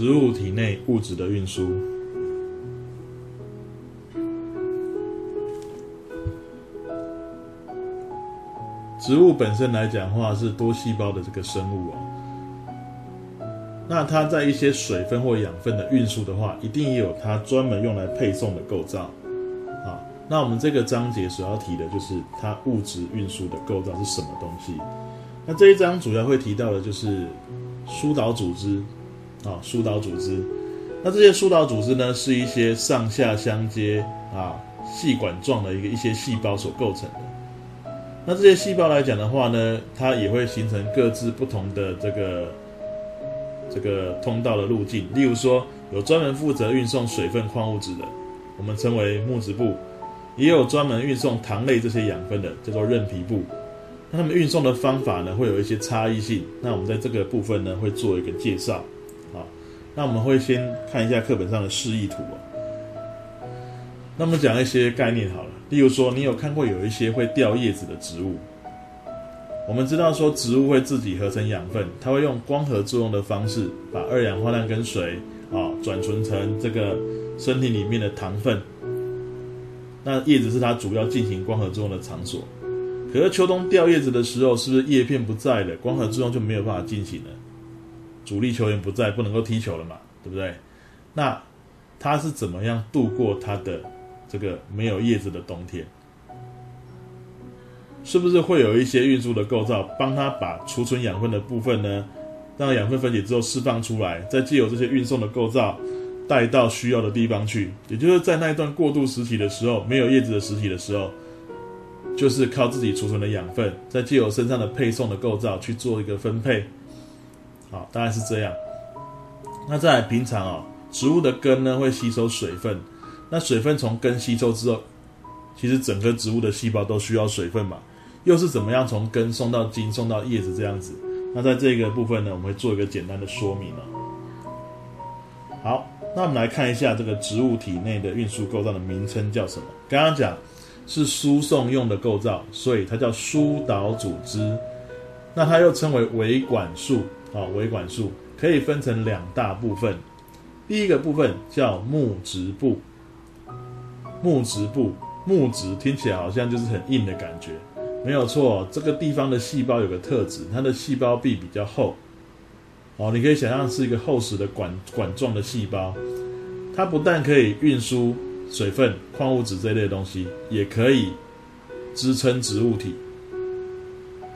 植物體內物質的運輸。植物本身來講的話是多細胞的這個生物啊，那它在一些水分或養分的運輸的話，一定也有它專門用來配送的構造啊。那我們這個章節所要提的就是它物質運輸的構造是什麼東西？那這一章主要會提到的就是輸導組織。啊、哦，輸導組織。那這些輸導組織呢，是一些上下相接啊，細管狀的一個一些細胞所構成的。那這些細胞來講的話呢，它也會形成各自不同的這個這個通道的路徑。例如說，有專門負責運送水分礦物質的，我們稱為木質部；也有專門運送糖類這些養分的，叫做韌皮部。那它們運送的方法呢，會有一些差異性。那我們在這個部分呢，會做一個介紹。那我們會先看一下課本上的示意圖。那麼講一些概念好了，例如說，你有看過有一些會掉葉子的植物。我們知道說，植物會自己合成養分，它會用光合作用的方式，把二氧化碳跟水啊、哦，轉存成這個身體裡面的糖分。那葉子是它主要進行光合作用的場所。可是秋冬掉葉子的時候，是不是葉片不在了，光合作用就沒有辦法進行了？主力球員不在，不能夠踢球了嘛，對不對？那他是怎麼樣度過他的這個沒有葉子的冬天？是不是會有一些運輸的構造幫他把儲存養分的部分呢？讓養分分解之後釋放出來，再藉由這些運送的構造帶到需要的地方去？也就是在那一段過渡時期的時候，沒有葉子的時期的時候，就是靠自己儲存的養分，再藉由身上的配送的構造去做一個分配。好，大概是這樣。那在平常啊、哦，植物的根呢，會吸收水分，那水分從根吸收之後，其實整個植物的細胞都需要水分嘛。又是怎麼樣從根送到莖、送到葉子這樣子？那在這個部分呢，我們會做一個簡單的說明哦。好，那我們來看一下這個植物體內的運輸構造的名稱叫什麼？剛剛講是輸送用的構造，所以它叫輸導組織。那它又稱為維管束。啊，維管束可以分成兩大部分，第一個部分叫木質部。木質部，木質聽起來好像就是很硬的感覺，沒有錯，這個地方的細胞有個特質，它的細胞壁比較厚。哦，你可以想象是一個厚實的管管狀的細胞，它不但可以運輸水分、礦物質這一類的東西，也可以支撐植物體。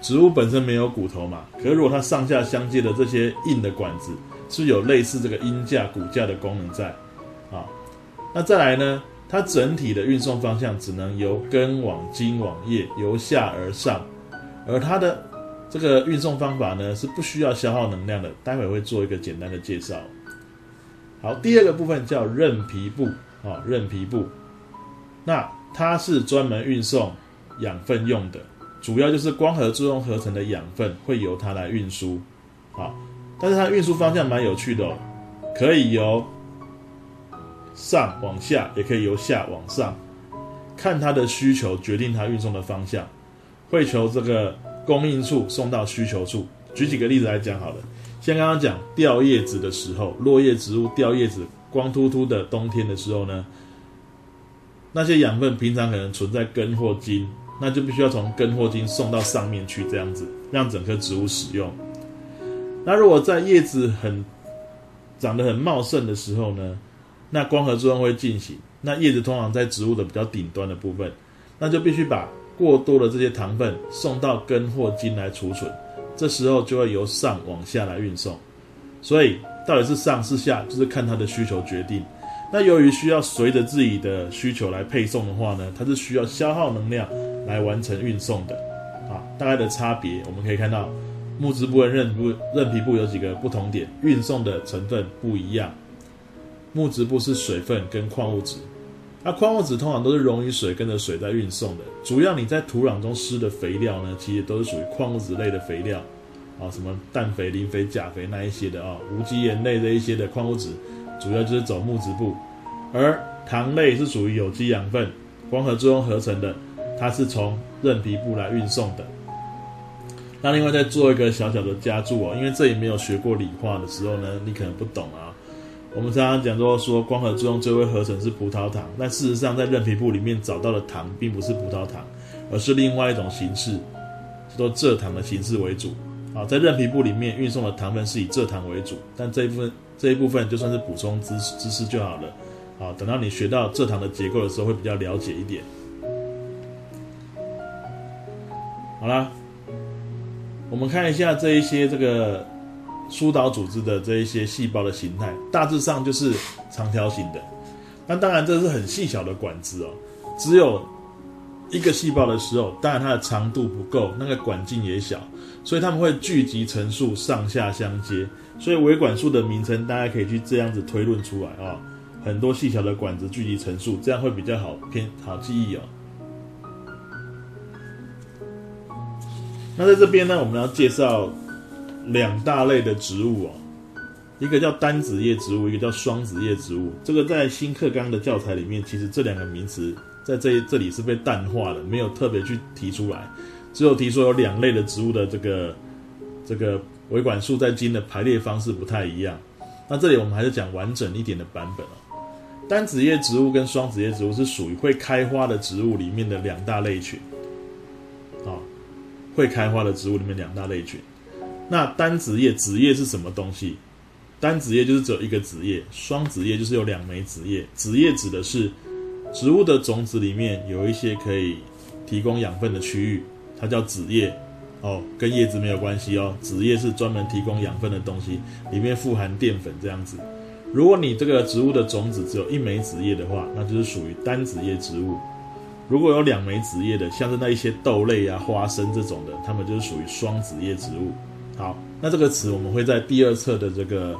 植物本身沒有骨頭嘛，可是如果它上下相接的這些硬的管子，是有類似這個鷹架骨架的功能在，啊、哦，那再來呢，它整體的運送方向只能由根往莖往葉，由下而上，而它的這個運送方法呢，是不需要消耗能量的，待會會做一個簡單的介紹。好，第二個部分叫韌皮部，啊、哦，韌皮部，那它是專門運送養分用的。主要就是光合作用合成的養分會由它來運輸，好，但是它運輸方向蠻有趣的哦，可以由上往下，也可以由下往上，看它的需求決定它運送的方向，會由這個供應處送到需求處。舉幾個例子來講好了，先剛剛講掉葉子的時候，落葉植物掉葉子，光禿禿的冬天的時候呢，那些養分平常可能存在根或莖。那就必須要從根或莖送到上面去，這樣子讓整棵植物使用。那如果在葉子很長得很茂盛的時候呢，那光合作用會進行。那葉子通常在植物的比較頂端的部分，那就必須把過多的這些糖分送到根或莖來儲存。這時候就會由上往下來運送。所以到底是上是下，就是看它的需求決定。那由於需要隨着自己的需求來配送的話呢，它是需要消耗能量來完成運送的，啊，大概的差別我們可以看到，木質部和韌部、韌皮部有幾個不同點，運送的成分不一樣。木質部是水分跟礦物質，那、啊、礦物質通常都是溶於水，跟着水在運送的。主要你在土壤中施的肥料呢，其實都是屬於礦物質類的肥料，啊，什麼氮肥、磷肥、鉀肥那一些的啊，無機鹽類，類的一些的礦物質。主要就是走木質部，而糖類是屬於有機養分，光合作用合成的，它是從韌皮部來運送的。那另外再做一個小小的加注哦，因為這裡沒有學過理化的時候呢，你可能不懂啊。我們常常講到說說光合作用最後合成是葡萄糖，但事實上在韌皮部裡面找到的糖並不是葡萄糖，而是另外一種形式，叫做蔗糖的形式為主。好，在韌皮部裡面運送的糖分是以蔗糖為主，但這一部分這一部分就算是補充知識知識就好了。好，等到你學到蔗糖的結構的時候，會比較了解一點。好了，我們看一下這一些這個輸導組織的這一些細胞的形態，大致上就是長條形的。那當然這是很細小的管子哦，只有。一個細胞的時候，當然它的長度不夠，那個管徑也小，所以它們會聚集成束，上下相接，所以維管束的名稱大家可以去這樣子推論出來啊、哦。很多細小的管子聚集成束，這樣會比較好偏好記憶哦。那在這邊呢，我們要介紹兩大類的植物哦，一個叫單子葉植物，一個叫雙子葉植物。這個在新課綱的教材裡面，其實這兩個名詞。在這這裡是被淡化的，沒有特別去提出來，只有提說有兩類的植物的這個這個維管束在莖的排列方式不太一樣。那這裡我們還是講完整一點的版本。單子葉植物跟雙子葉植物是屬於會開花的植物裡面的兩大類群，啊、哦，會開花的植物裡面兩大類群。那單子葉子葉是什麼東西？單子葉就是只有一個子葉，雙子葉就是有兩枚子葉。子葉指的是。植物的種子裡面有一些可以提供養分的區域，它叫子葉，哦，跟葉子沒有關係哦，子葉是專門提供養分的東西，裡面富含澱粉這樣子。如果你這個植物的種子只有一枚子葉的話，那就是屬於單子葉植物；如果有兩枚子葉的，像是那一些豆類啊、花生這種的，它們就是屬於雙子葉植物。好，那這個詞我們會在第二冊的這個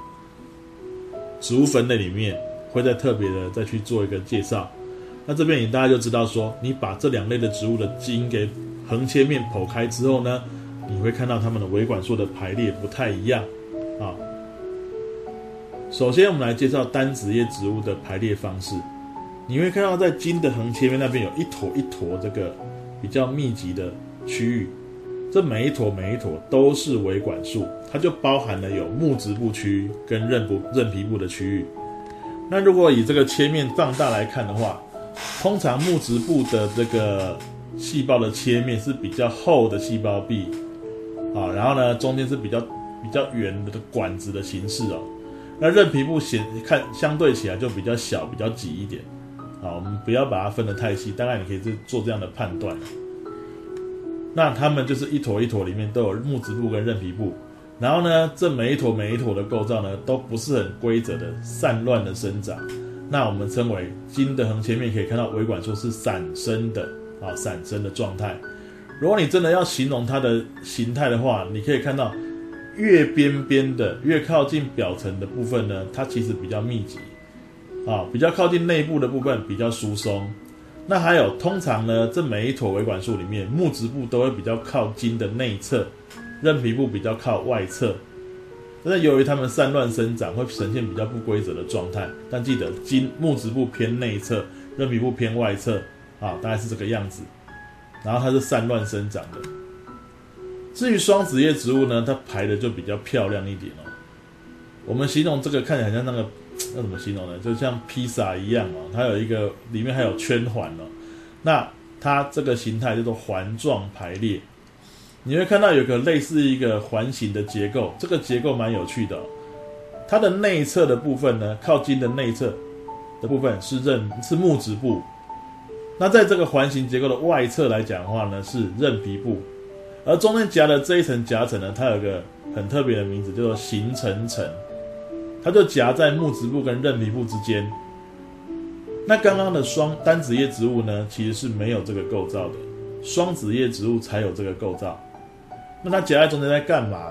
植物分類裡面，會再特別的再去做一個介紹。那這邊你大家就知道說，你把這兩類的植物的莖給橫切面剖開之後呢，你會看到它們的維管束的排列不太一樣啊。首先，我們來介紹單子葉植物的排列方式。你會看到在莖的橫切面那邊有一坨一坨這個比較密集的區域，這每一坨每一坨都是維管束，它就包含了有木質部區跟韌部韌皮部的區域。那如果以這個切面放大來看的話，通常木質部的這個細胞的切面是比較厚的細胞壁，啊，然後呢中間是比較比較圓的管子的形式哦。那韌皮部顯看相對起來就比較小，比較擠一點，啊，我們不要把它分得太細，大概你可以是做這樣的判斷。那它們就是一坨一坨裡面都有木質部跟韌皮部，然後呢這每一坨每一坨的構造呢都不是很規則的散亂的生長。那我們稱為莖的橫切面，可以看到維管束是散生的啊，散生的狀態。如果你真的要形容它的形態的話，你可以看到越邊邊的、越靠近表層的部分呢，它其實比較密集啊，比較靠近內部的部分比較疏鬆。那還有，通常呢，這每一坨維管束裡面，木質部都會比較靠莖的內側，韌皮部比較靠外側。但是由於它們散亂生長，會呈現比較不規則的狀態。但記得，金木質部偏內側，韌皮部偏外側，啊，大概是這個樣子。然後它是散亂生長的。至於雙子葉植物呢，它排的就比較漂亮一點哦。我們形容這個看起來很像那個，那怎麼形容呢？就像披薩一樣哦，它有一個裡面還有圈環哦。那它這個形態叫做環狀排列。你會看到有個類似一個環形的結構，這個結構蠻有趣的哦。它的內側的部分呢，靠近的內側的部分是韌，是木質部。那在這個環形結構的外側來講的話呢，是韌皮部。而中間夾的這一層夾層呢，它有個很特別的名字，叫做形成層。它就夾在木質部跟韌皮部之間。那剛剛的雙單子葉植物呢，其實是沒有這個構造的，雙子葉植物才有這個構造。那它夾在中間在幹嘛？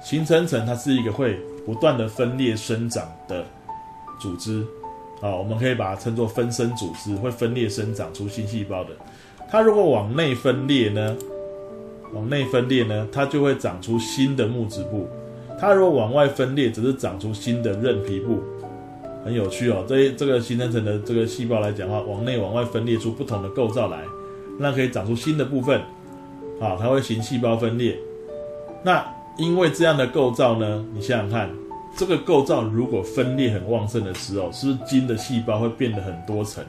形成層它是一個會不斷的分裂生長的組織，啊，我們可以把它稱作分生組織，會分裂生長出新細胞的。它如果往內分裂呢？往內分裂呢，它就會長出新的木質部；它如果往外分裂，只是長出新的韌皮部。很有趣哦，這這個形成層的這個細胞來講的話，往內往外分裂出不同的構造來，那可以長出新的部分。啊，它會行細胞分裂。那因為這樣的構造呢，你想想看，這個構造如果分裂很旺盛的時候，是不是莖的細胞會變得很多層？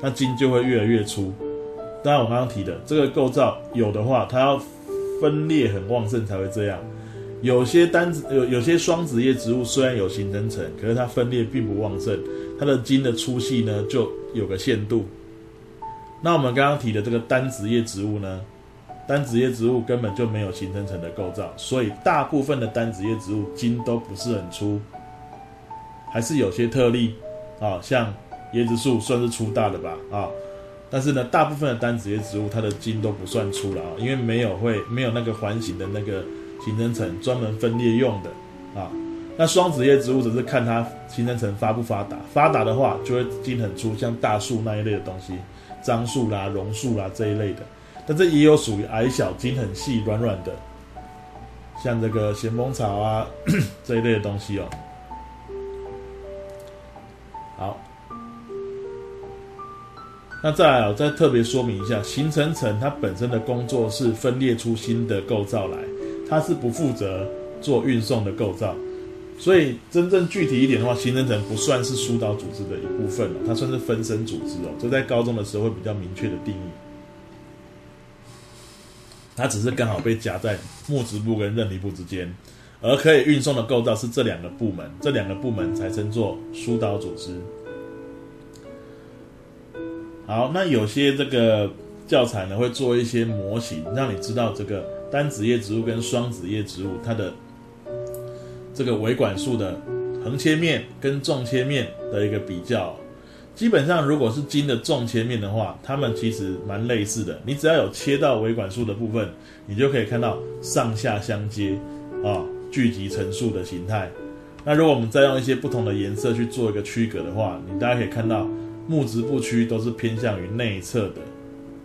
那莖就會越來越粗。當然，我剛剛提的這個構造有的話，它要分裂很旺盛才會這樣。有些單子有，有些雙子葉植物雖然有形成層，可是它分裂並不旺盛，它的莖的粗細呢，就有個限度。那我們剛剛提的這個單子葉植物呢？單子葉植物根本就沒有形成層的構造，所以大部分的單子葉植物莖都不是很粗，還是有些特例啊、哦，像椰子樹算是粗大的吧啊、哦。但是呢，大部分的單子葉植物它的莖都不算粗了啊，因為沒有會沒有那個環形的那個形成層專門分裂用的啊、哦。那雙子葉植物則是看它形成層發不發達，發達的話就會莖很粗，像大樹那一類的東西，樟樹啦、啊、榕樹啦、啊、這一類的。但這也有屬於矮小，莖很細，軟軟的，像這個咸豐草啊 這一類的東西哦。好，那再來我、哦、再特別說明一下，形成層它本身的工作是分裂出新的構造來，它是不負責做運送的構造，所以真正具體一點的話，形成層不算是輸導組織的一部分哦，它算是分生組織哦。這在高中的時候會比較明確的定義。它只是剛好被夾在木質部跟韌皮部之間，而可以運送的構造是這兩個部門，這兩個部門才稱作輸導組織。好，那有些這個教材呢會做一些模型，讓你知道這個單子葉植物跟雙子葉植物它的這個維管束的橫切面跟縱切面的一個比較。基本上，如果是莖的縱切面的話，它們其實蠻類似的。你只要有切到維管束的部分，你就可以看到上下相接啊，聚集成束的形態。那如果我們再用一些不同的顏色去做一個區隔的話，你大家可以看到木質部區都是偏向於內側的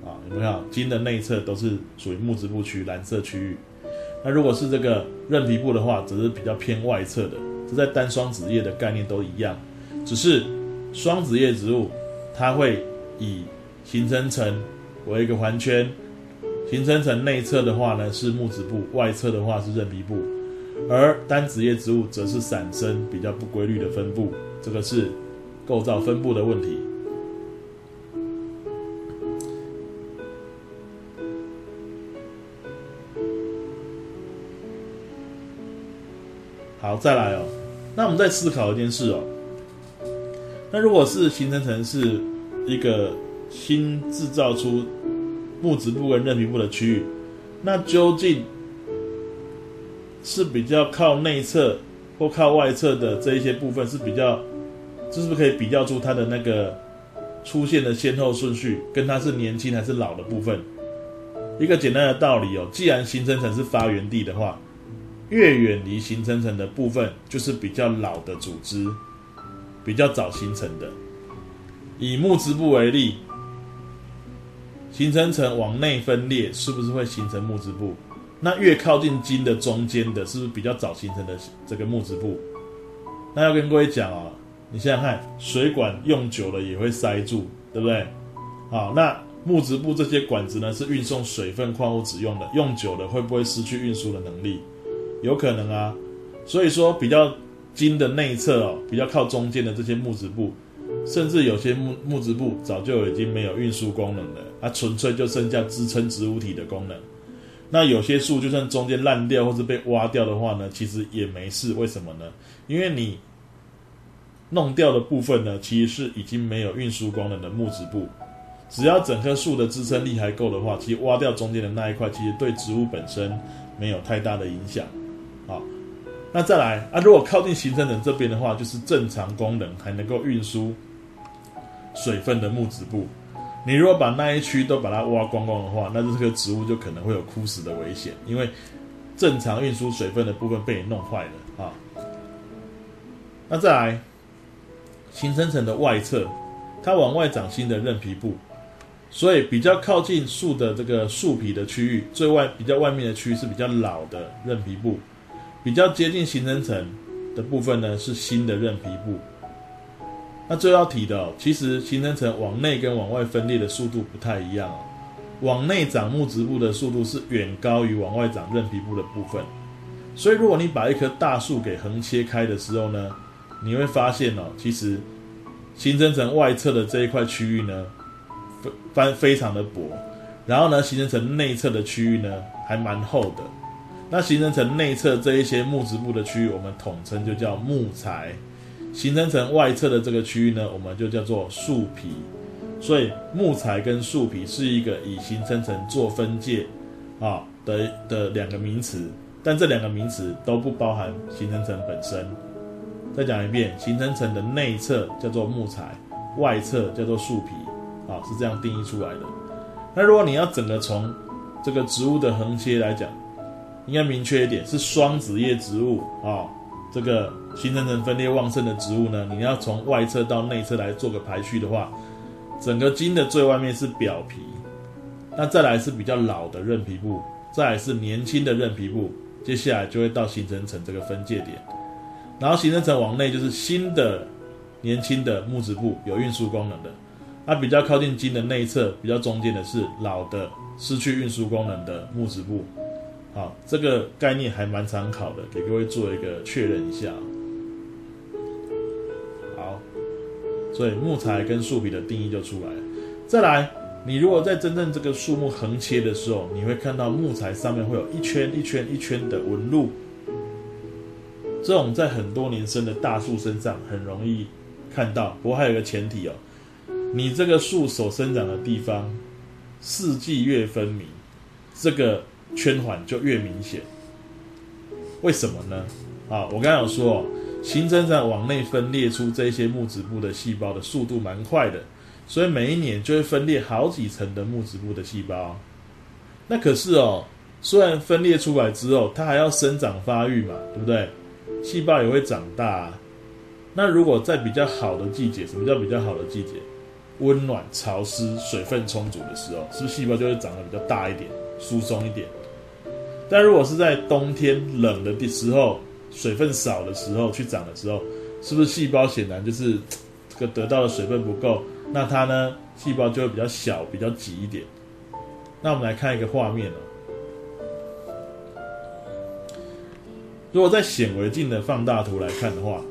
啊。有沒有？莖的內側都是屬於木質部區藍色區域。那如果是這個韌皮部的話，則是比較偏外側的。這在單雙子葉的概念都一樣，只是。雙子葉植物，它會以形成層為一個環圈，形成層內側的話呢是木質部，外側的話是韌皮部，而單子葉植物則是散生比較不規律的分布，這個是構造分布的問題。好，再來哦，那我們再思考一件事哦。那如果是形成層是一個新制造出木質部跟韌皮部的區域，那究竟是比較靠內側或靠外側的這一些部分是比較，這是不是可以比較出它的那個出現的先後順序，跟它是年輕還是老的部分？一個簡單的道理哦，既然形成層是發源地的話，越遠離形成層的部分就是比較老的組織。比較早形成的，以木質部為例，形成層往內分裂，是不是會形成木質部？那越靠近莖的中間的，是不是比較早形成的這個木質部？那要跟各位講啊、哦，你想想看，水管用久了也會塞住，對不對？好，那木質部這些管子呢，是運送水分、礦物質用的，用久了會不會失去運輸的能力？有可能啊，所以說比較。莖的內側哦，比較靠中間的這些木質部，甚至有些木木質部早就已經沒有運輸功能了，它、啊、純粹就剩下支撐植物體的功能。那有些樹就算中間爛掉或是被挖掉的話呢，其實也沒事。為什麼呢？因為你弄掉的部分呢，其實是已經沒有運輸功能的木質部。只要整棵樹的支撐力還夠的話，其實挖掉中間的那一塊，其實對植物本身沒有太大的影響。那再來啊，如果靠近形成層這邊的話，就是正常功能還能夠運輸水分的木質部。你如果把那一區都把它挖光光的話，那這個植物就可能會有枯死的危險，因為正常運輸水分的部分被你弄壞了啊。那再來，形成層的外側，它往外長新的韌皮部，所以比較靠近樹的這個樹皮的區域，最外比較外面的區域是比較老的韌皮部。比較接近形成層的部分呢，是新的韌皮部。那最後要提的哦，其實形成層往內跟往外分裂的速度不太一樣哦，往內長木質部的速度是遠高於往外長韌皮部的部分。所以如果你把一棵大樹給橫切開的時候呢，你會發現哦，其實形成層外側的這一塊區域呢，非翻非常的薄，然後呢，形成層內側的區域呢，還蠻厚的。那形成層內側這一些木質部的區域，我們統稱就叫木材；形成層外側的這個區域呢，我們就叫做樹皮。所以木材跟樹皮是一個以形成層做分界啊的的兩個名詞，但這兩個名詞都不包含形成層本身。再講一遍，形成層的內側叫做木材，外側叫做樹皮，啊，是這樣定義出來的。那如果你要整個從這個植物的橫切來講，應該明確一點，是雙子葉植物啊、哦，這個形成層分裂旺盛的植物呢，你要從外側到內側來做個排序的話，整個莖的最外面是表皮，那再來是比較老的韌皮部，再來是年輕的韌皮部，接下來就會到形成層這個分界點，然後形成層往內就是新的年輕的木質部，有運輸功能的，那比較靠近莖的內側，比較中間的是老的失去運輸功能的木質部。好，這個概念還蠻常考的，給各位做一個確認一下哦。好，所以木材跟樹皮的定義就出來了。再來，你如果在真正這個樹木橫切的時候，你會看到木材上面會有一圈一圈一圈的紋路。這種在很多年生的大樹身上很容易看到。不過還有個前提哦，你這個樹所生長的地方，四季越分明，這個。圈環就越明顯，為什麼呢？啊，我剛才有說哦，形成層往內分裂出這些木質部的細胞的速度蠻快的，所以每一年就會分裂好幾層的木質部的細胞哦。那可是哦，雖然分裂出來之後，它還要生長發育嘛，對不對？細胞也會長大啊。那如果在比較好的季節，什麼叫比較好的季節？溫暖、潮濕、水分充足的時候，是不是細胞就會長得比較大一點、疏鬆一點？但如果是在冬天冷的時候、水分少的時候去長的時候，是不是細胞顯然就是這個得到的水分不夠？那它呢，細胞就會比較小、比較擠一點。那我們來看一個畫面哦。如果在顯微鏡的放大圖來看的話，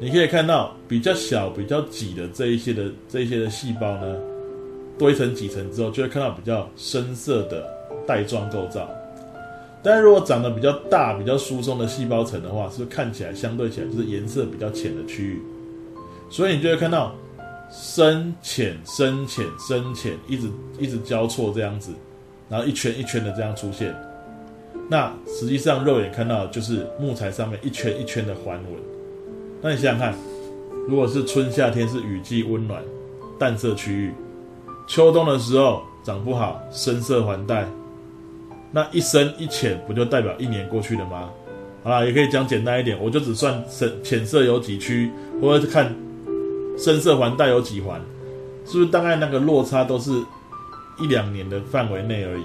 你可以看到比較小、比較擠的這一些的這一些的細胞呢，堆成幾層之後，就會看到比較深色的帶狀構造。但如果長得比較大，比較疏鬆的細胞層的話，是不是看起來相對起來就是顏色比較淺的區域？所以你就會看到深淺、深淺、深淺，一直一直交錯這樣子，然後一圈一圈的這樣出現。那實際上肉眼看到就是木材上面一圈一圈的環紋。那你想想看，如果是春夏天是雨季溫暖，淡色區域，秋冬的時候長不好，深色環帶。那一深一淺，不就代表一年過去了嗎？好啦，也可以講簡單一點，我就只算深淺色有幾區，或者看深色環帶有幾環，是不是大概那個落差都是一兩年的範圍內而已？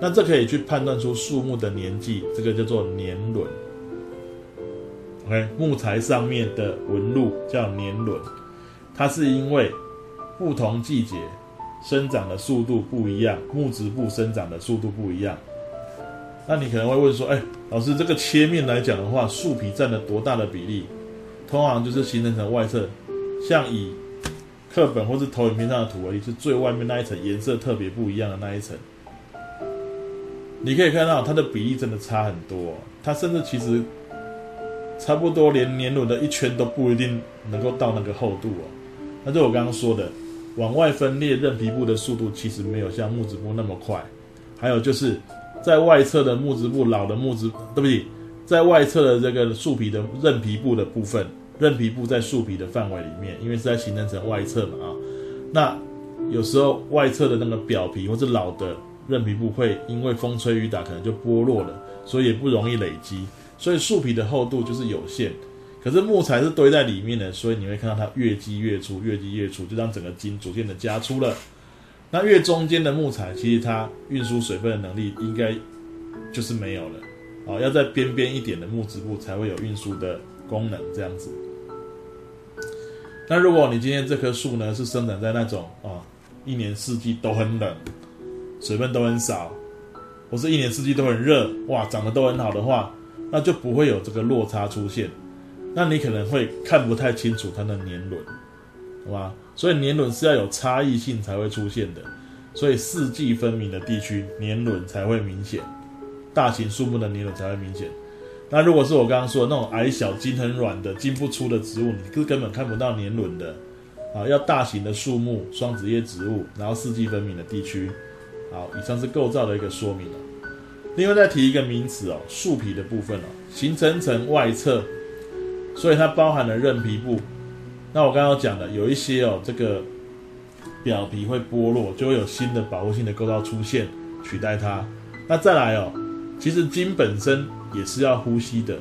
那這可以去判斷出樹木的年紀，這個叫做年輪。OK，木材上面的紋路叫年輪，它是因為不同季節。生長的速度不一樣，木質部生長的速度不一樣。那你可能會問說，哎、欸，老師，這個切面來講的話，樹皮占了多大的比例？通常就是形成層外側，像以課本或是投影片上的圖為例，是最外面那一層顏色特別不一樣的那一層。你可以看到它的比例真的差很多，哦，它甚至其實差不多連年輪的一圈都不一定能夠到那個厚度哦。那就我剛剛說的。往外分裂韌皮部的速度其實沒有像木質部那麼快，還有就是在外側的木質部老的木質，對不起，在外側的這個樹皮的韌皮部的部分，韌皮部在樹皮的範圍裡面，因為是在形成層外側嘛啊，那有時候外側的那個表皮或是老的韌皮部會因為風吹雨打可能就剝落了，所以也不容易累積，所以樹皮的厚度就是有限。可是木材是堆在裡面的，所以你會看到它越積越粗，越積越粗，就讓整個莖逐漸的加粗了。那越中間的木材，其實它運輸水分的能力應該就是沒有了啊、哦。要在邊邊一點的木質部才會有運輸的功能，這樣子。那如果你今天這棵樹呢，是生長在那種啊、哦，一年四季都很冷，水分都很少，或是一年四季都很熱，哇，長得都很好的話，那就不會有這個落差出現。那你可能會看不太清楚它的年輪，好吧？所以年輪是要有差異性才會出現的，所以四季分明的地區年輪才會明顯，大型樹木的年輪才會明顯。那如果是我剛剛說的那種矮小、莖很軟的、莖不粗的植物，你是根本看不到年輪的啊！要大型的樹木、雙子葉植物，然後四季分明的地區。好，以上是構造的一個說明。另外再提一個名詞哦，樹皮的部分哦，形成層外側。所以它包含了韌皮部。那我剛剛講的，有一些哦，這個表皮會剝落，就會有新的保護性的構造出現，取代它。那再來哦，其實莖本身也是要呼吸的。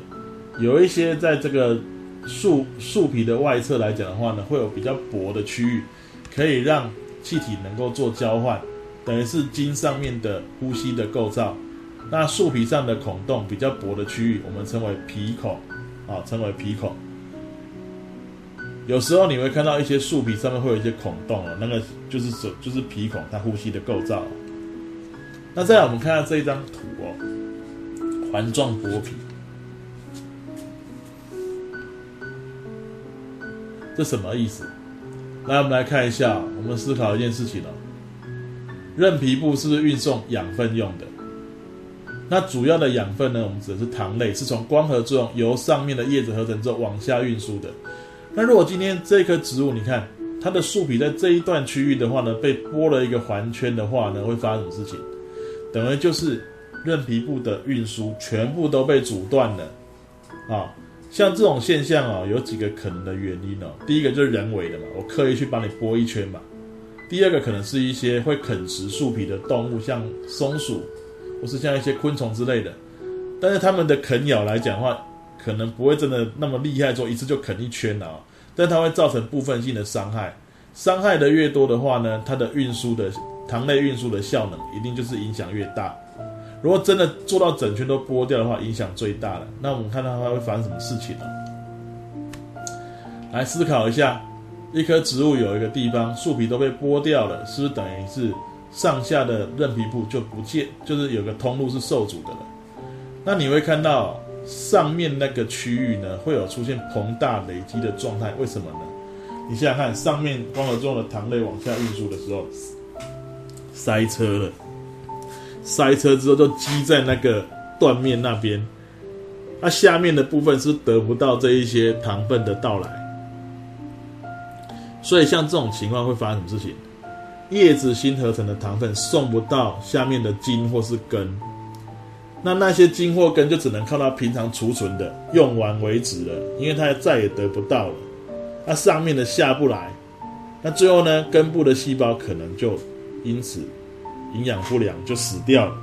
有一些在這個樹樹皮的外側來講的話呢，會有比較薄的區域，可以讓氣體能夠做交換，等於是莖上面的呼吸的構造。那樹皮上的孔洞比較薄的區域，我們稱為皮孔。啊，稱為皮孔。有時候你會看到一些樹皮上面會有一些孔洞哦、啊，那個就是手，就是皮孔，它呼吸的構造、啊。那再來，我們看下這一張圖哦，環狀剝皮，這什麼意思？來，我們來看一下、啊，我們思考一件事情哦、啊，韌皮部是不是運送養分用的？那主要的養分呢？我們指的是糖類，是從光合作用由上面的葉子合成之後往下運輸的。那如果今天這棵植物，你看它的樹皮在這一段區域的話呢，被剝了一個環圈的話呢，會發生什麼事情？等於就是韌皮部的運輸全部都被阻斷了啊！像這種現象啊，哦，有幾個可能的原因哦。第一個就是人為的嘛，我刻意去幫你剝一圈嘛。第二個可能是一些會啃食樹皮的動物，像松鼠。不是像一些昆蟲之類的，但是他們的啃咬來講的話，可能不會真的那麼厲害做，做一次就啃一圈啊、喔。但它會造成部分性的傷害，傷害的越多的話呢，它的運輸的糖類運輸的效能一定就是影響越大。如果真的做到整圈都剝掉的話，影響最大了。那我們看到它會發生什麼事情呢、喔？來思考一下，一棵植物有一個地方樹皮都被剝掉了，是不是等於是？上下的韌皮部就不見，就是有個通路是受阻的了。那你會看到上面那個區域呢，會有出現膨大累積的狀態，為什麼呢？你想想看，上面光合作用的糖類往下運輸的時候塞車了，塞車之後就積在那個斷面那邊，那、啊、下面的部分是得不到這一些糖分的到來，所以像這種情況會發生什麼事情？葉子新合成的糖分送不到下面的莖或是根，那那些莖或根就只能靠它平常儲存的用完為止了，因為它再也得不到了。那上面的下不來，那最後呢，根部的細胞可能就因此營養不良就死掉了。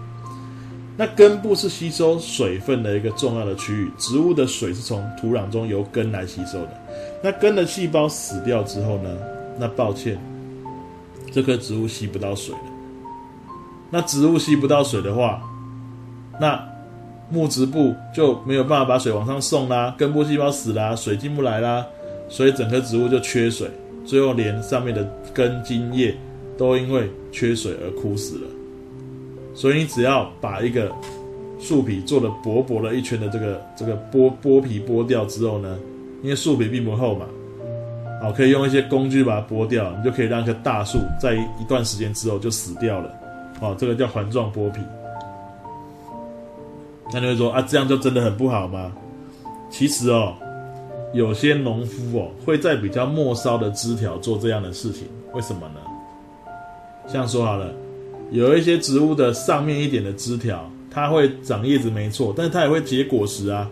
那根部是吸收水分的一個重要的區域，植物的水是從土壤中由根來吸收的。那根的細胞死掉之後呢？那抱歉。這棵植物吸不到水了，那植物吸不到水的話，那木質部就沒有辦法把水往上送啦、啊，根部細胞死啦、啊，水進不來啦、啊，所以整棵植物就缺水，最後連上面的根莖葉都因為缺水而枯死了。所以你只要把一個樹皮做得薄薄的一圈的這個這個剝剝皮剝掉之後呢，因為樹皮並不厚嘛。哦，可以用一些工具把它剝掉，你就可以讓一棵大樹在一段時間之後就死掉了。哦，這個叫環狀剝皮。那你會說啊，這樣就真的很不好嗎？其實哦，有些農夫哦會在比較末梢的枝條做這樣的事情，為什麼呢？這樣說好了，有一些植物的上面一點的枝條，它會長葉子沒錯，但是它也會結果實啊。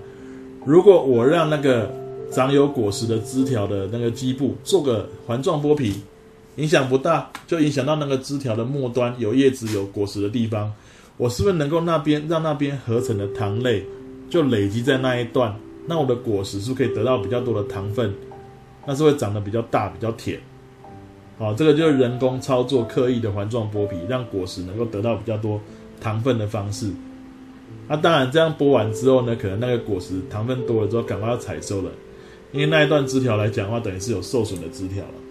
如果我讓那個長有果實的枝條的那個基部做個環狀剝皮，影響不大，就影響到那個枝條的末端有葉子、有果實的地方，我是不是能夠那邊、讓那邊合成的糖類就累積在那一段？那我的果實是不是可以得到比較多的糖分，那是會長得比較大、比較甜。好、啊，這個就是人工操作、刻意的環狀剝皮，讓果實能夠得到比較多糖分的方式。那、啊、當然，這樣剝完之後呢，可能那個果實糖分多了之後，趕快要採收了。因為那一段枝條來講的話，等於是有受損的枝條了。